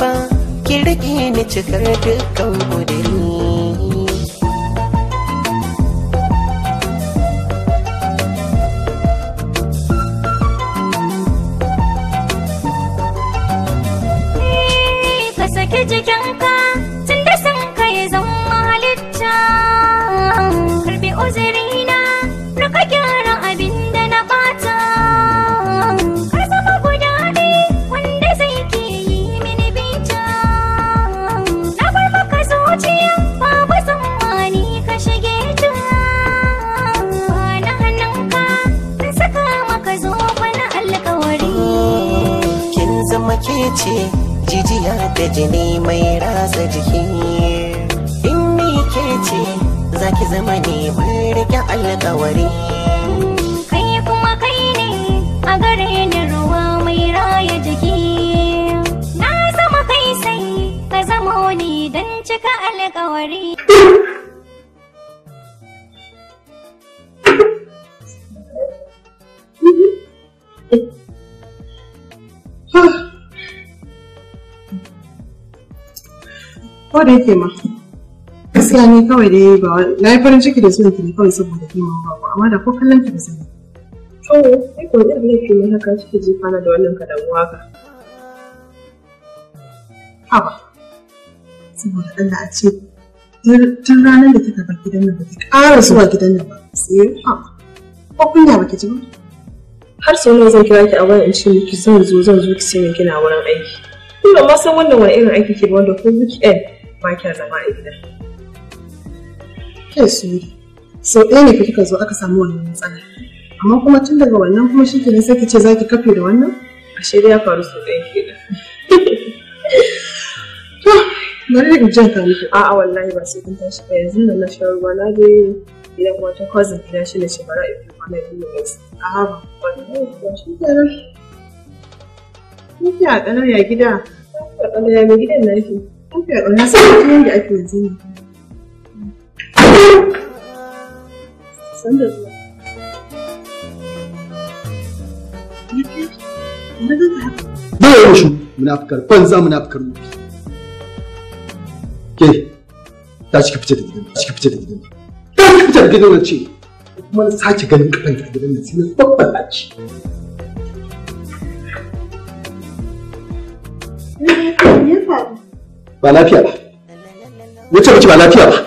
ba ki ni cikar dukkan guduri ko da ma gaskiya ne kawai dai ba na yi farin ciki da su da ke kawai saboda kiman babu amma da ko kallon haka da wannan haba saboda Allah ce ranar da kika gidan nan ba ƙara zuwa gidan nan ba sai haba ji ba har nawa zan kira ki a in ce miki zan zo ki ce kina wurin aiki. Ni ban ma wani irin aiki ke ba wanda ko weekend ba kya zama a gida. Kai suri, sau ɗaya ne fa kika zo aka samu wannan matsala. Amma kuma tun daga wannan kuma shi kenan sai ki ce za ki kafe da wannan? Ashe dai ya faru sau ɗaya ke To, bari in jan ka miki. A'a wallahi ba sai kun tashi ba yanzu nan na sha ruwa na je gidan wata cousin ta shi ne shekara ibi kwana biyu ne. A'a ba wallahi ba shi kenan. Kuki a ƙanar ya gida? A ƙanar ya mai gidan na shi. Kuka ƙauna sai ta ake yanzu ne. Sanda zuwa. Ba ya rushe munafukar banza munafukar rufi. Ke, ta cika fice da gidan, ta da gidan. Ta cika fice da gidan kuma na ganin ci. 把他骗了，我这不就把他骗了？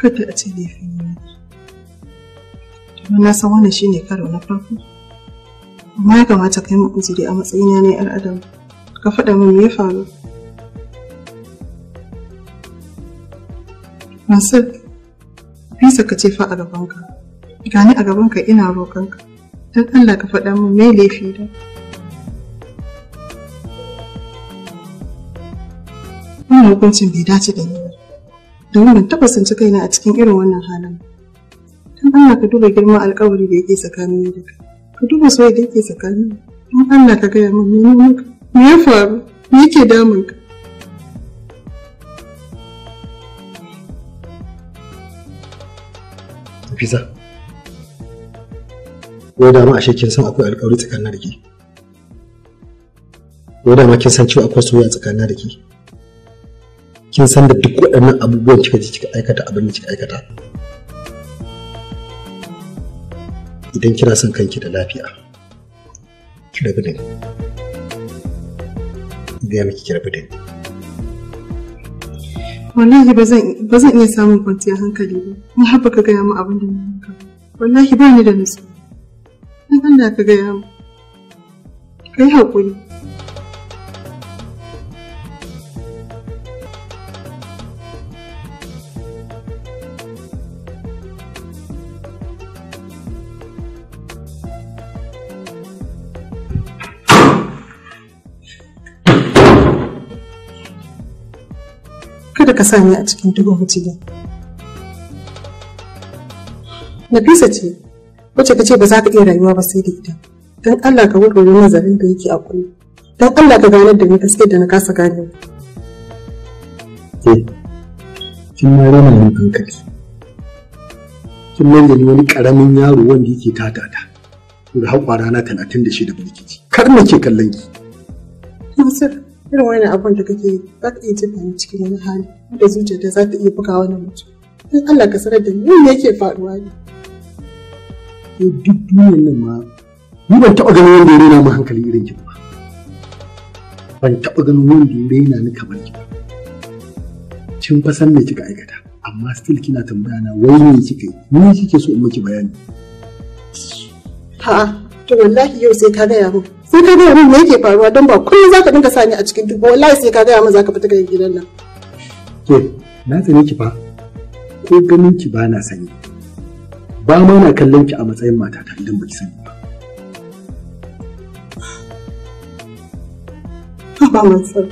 kada a ce laifin yi miki domin na san wannan shine karo na farko amma ya kamata kai mu uzuri a matsayina na yar adam ka faɗa min me ya faru Mansur, bisa ka ce fa a gabanka, gani a gabanka ina roƙonka, don Allah ka faɗa min me laifi da. Wannan hukuncin bai dace da ni domin ban taɓa tsinci kaina a cikin irin wannan halin don Allah ka duba girman alkawari da yake tsakanin da ka ka duba soyayya da yake tsakanin don Allah ka gaya min mene maka me ya faru me yake damun ka Nafisa wai dama ashe kin san akwai alkawari tsakanin da ke wai dama kin san cewa akwai soyayya tsakanin da ke kin san da duk waɗannan abubuwan kika ji kika aikata abin da kika aikata idan kina son kanki da lafiya ki rabu da ni gaya miki ki rabu da ni wallahi bazan bazan iya samun kwanciyar hankali ba ni har baka gaya min abin da ni ka wallahi ba ni da nutsuwa dan da ka gaya min kai haƙuri kar ka ni a cikin dugun mutumin nafisa ce wacce ta ce ba za ka iya rayuwa ba sai da ita don allah ka warware nazarin da yake a kullum don allah ka ganar da ni gaske da na kasa gane kin ma rana ni hankali kin da ni wani karamin yaro wanda yake tatata da haƙwa rana talatin da shida ba rikici kar na ke kallon ki irin wani abun da kake yi za ka iya tafiya cikin wani hali wanda zuciyarta za ta iya buga wani mutum in Allah ka sanar da ni ne yake eh, faɗuwa ne. Ko duk duniyar nan ma ni ban taɓa ganin wanda ya raina mu hankali irin ki ba. Ban taɓa ganin wanda ya raina ni kamar ki ba. Kin fa san me kika aikata amma still kina tambaya na wai me kika yi ni kike so in miki bayani. A'a to wallahi yau sai ka gaya min sai ka gaya min me yake faruwa don ba kullum za ka dinga sa ni a cikin duk wallahi sai ka gaya min za ka fita daga gidan nan. ke na tsane ki fa ko ganin ki ba na sani ba ma na kallon ki a matsayin mata ta idan ba ki sani ba. Ba matsala.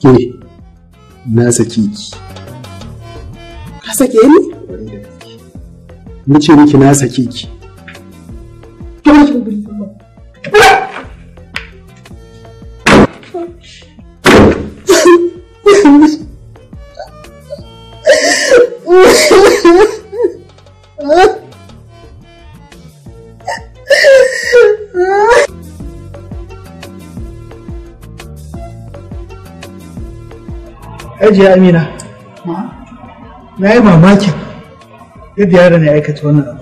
Ke na saki ki. Ka sake ni? Ni ce miki na saki ki. Bana Amina, na yi mamakin yadda yaron ya aikata wannan abu.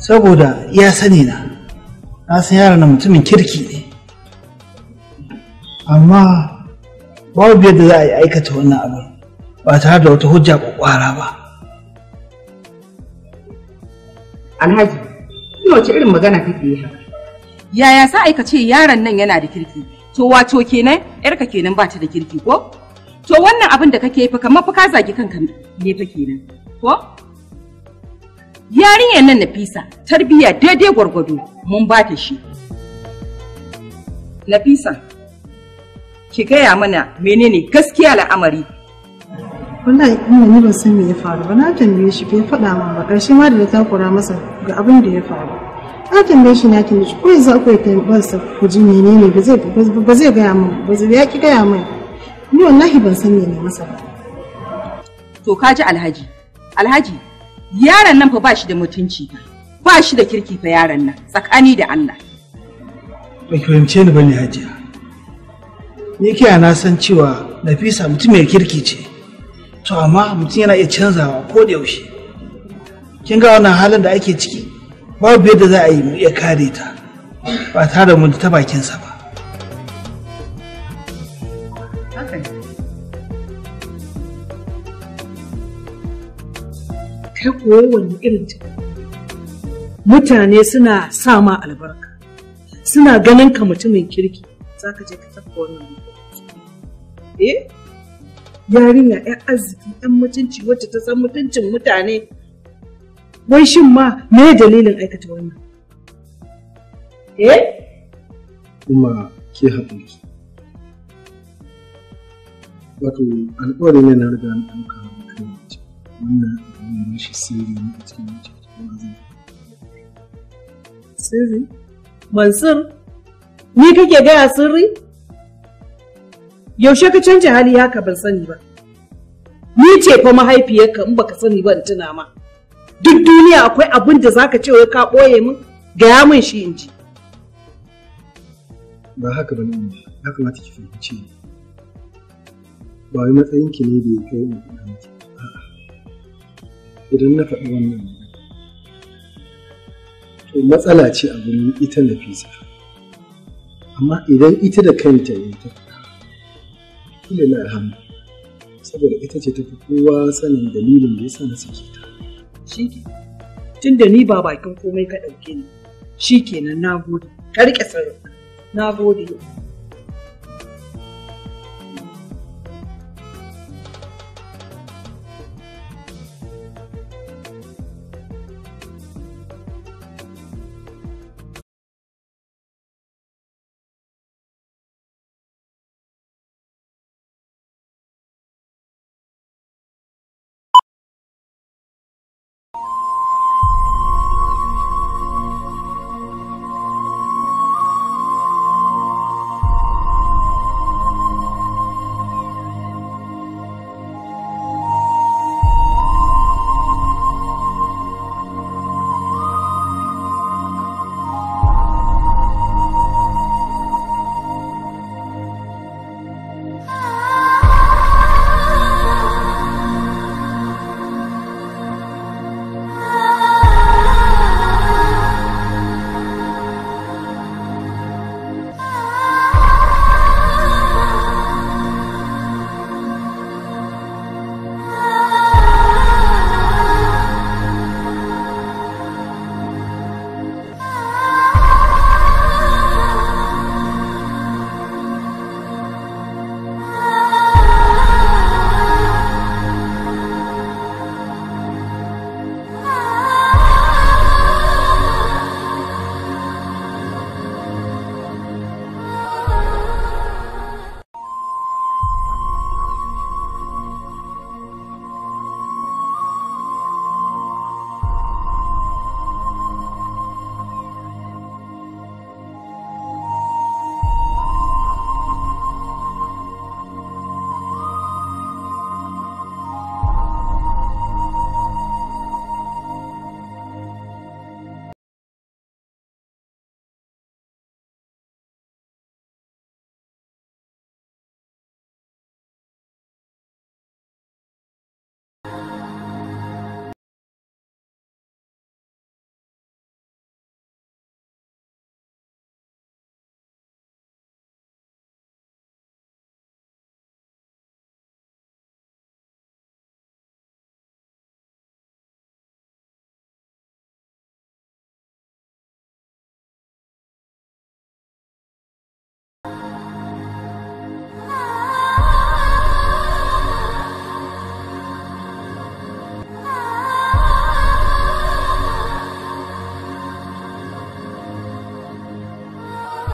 saboda ya sani na na san yaran na mutumin kirki ne amma babu yadda za a yi aikata wannan abin ba tare da wata hujja kwakwara ba alhaji ina wace irin magana kake yi haka yaya sa aika ce yaron nan yana da kirki to wato kenan yarka kenan ba ta da kirki ko to wannan abin da kake fa kamar fa ka zagi kanka ne fa kenan ko Yarinyar nan Nafisa tarbiyya daidai gwargwado mun ba ta shi. Nafisa, ki gaya mana menene gaskiya al'amari. Wallahi ina ni ban san me ya faru ba na tambaye shi bai faɗa min ba ƙarshe ma da ta takura masa ga abin da ya faru. Na tambaye shi na tambaye shi ko yanzu akwai tambayarsa ku ji menene ba zai ba zai gaya min ba zai ya ki gaya min. Ni wallahi ban san me ne masa ba. To ka ji Alhaji. Alhaji Yaron nan fa ba shi da mutunci, ba shi da kirki fa yaron nan, tsakani da Allah. Ba ki fahimce ni bane Hajiya. Ni kiya na san cewa Nafisa mutum mai kirki ce. To amma mutum yana iya canzawa ko da yaushe. Kin ga wannan halin da ake ciki? Babu yadda za a yi mu iya kare ta ba tare da mun ta bakinsa ba. kai koyi wani irin ta mutane suna sa ma albarka suna ganin ka mutumin kirki za ka je ka tafka wannan eh yarinya yan arziki yan mutunci wacce ta san mutuncin mutane wai shin ma me dalilin aikata wannan eh kuma ke haƙuri wato alƙawari ne na riga na ɗauka wannan abin shi sirri ne a cikin cikin Sirri? Mansur, ni kake gaya sirri? Yaushe ka canja hali haka ban sani ba. Ni ce fa mahaifiyarka in baka sani ba in tuna ma. Duk duniya akwai abin da zaka ce wai ka boye min gaya min shi in ji. Ba haka ba ne, ya kamata ki fahimci. Ba wai ki ne da ya kai in faɗa miki. idan na faɗi wannan to matsala ce a gurin ita na nafisa amma idan ita da kanta ne ta faɗa na alhamdu saboda ita ce ta fi kowa sanin dalilin da ya sa na sake ta shi tun da ni ba bakin komai ka ɗauke ni shi kenan na gode ka riƙe sarrafa na gode yau.